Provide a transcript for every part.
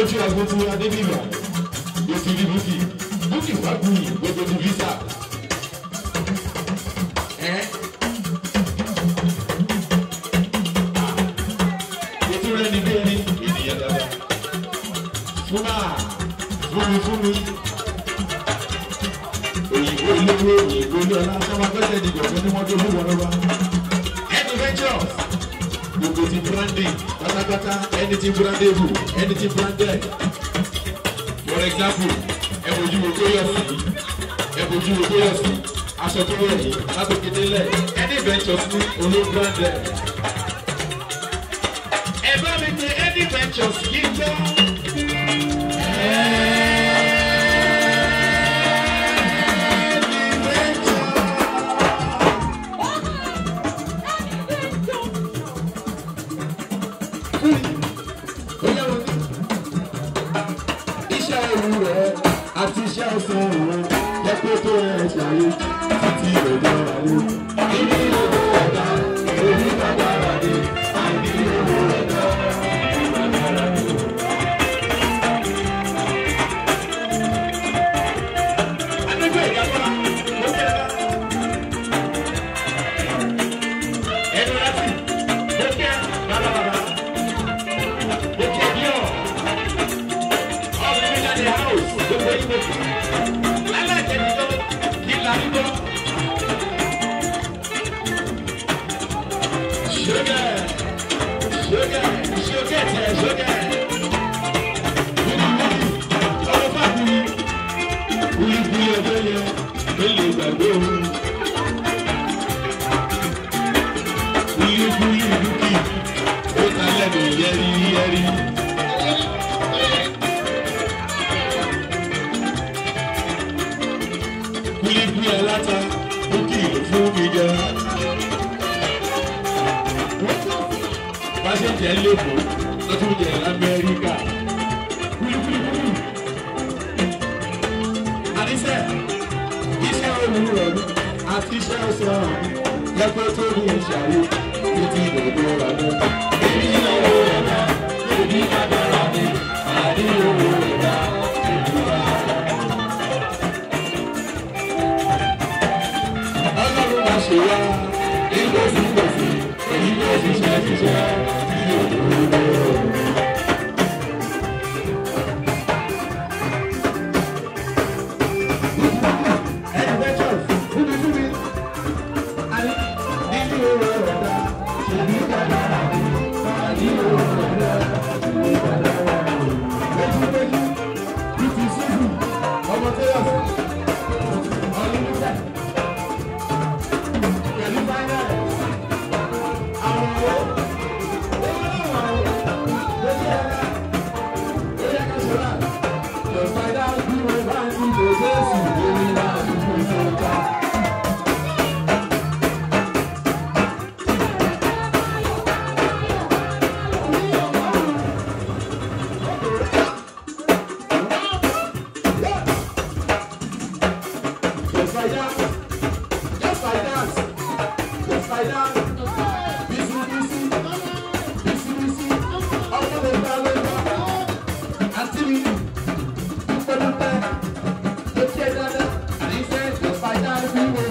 lójú ọgbọ́n tí adébíyà ló ti rí bùkì bùkì fàgbùyì gbogbo ti visa. ìtúrẹ́ ni bí ẹni ènìyàn dada fúnà fúnmi fúnmi òyìnbó olówó òyìnbó olóòlà sábà gbẹ́sẹ̀ dìgbà fún ní wọ́n tó fún wọn lọ́wọ́. ẹnu ventures gbogbo ti brandi pátápátá ẹni ti brandable ẹni ti for example ẹ bójú wo tó yọ sí ẹ bójú wo tó yọ sí aṣọ tó wẹ̀ yìí alágbèkéde lẹ̀ ẹni ventures ní olóńgbàndẹ̀. ẹ bá mi pe any ventures yìí tán. iṣẹ́ òru rẹ̀ àti iṣẹ́ ọ̀sán rẹ̀ jẹ́ pé tó ẹ̀ ṣàyè títí ìrẹ̀jọ́ ayé. Thank you. ṣe ń jẹ lẹ́kọ̀ọ́ wọ́n tún jẹ lamẹ́ríkà kúlíkúlíkúlí. àníṣe iṣẹ́ òwúrọ̀ mi àti iṣẹ́ ọ̀sán mi lẹ́kọ̀ọ́ tó ní ìṣàlù ní ti ìdòdó ọ̀rọ̀ mi. èmi náà wò ó yàrá èmi náà dára mi àdéhùn owó ìdá ìdúrà. ọlọ́run máa ṣe wá ìgbésí gbèsè èyí ló ṣiṣẹ́ ṣiṣẹ́. Thank you.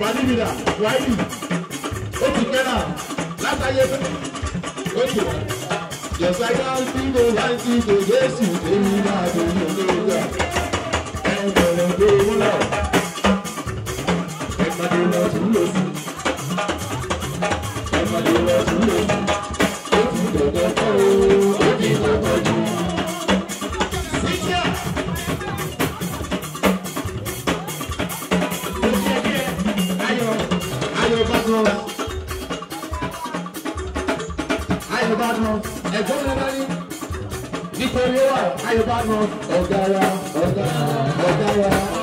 wàlíbìlà wàlí òtùkẹ́là látàyè òtù yọ̀sáyà ń tí kò láì tí kò yéésù èmi náà lè ní olóògbé. ẹ̀gbọ́n mi bá ní. nítorí ó wà ayọ̀ bá nà ọ̀gá wa ọ̀gá wa ọ̀gá wa.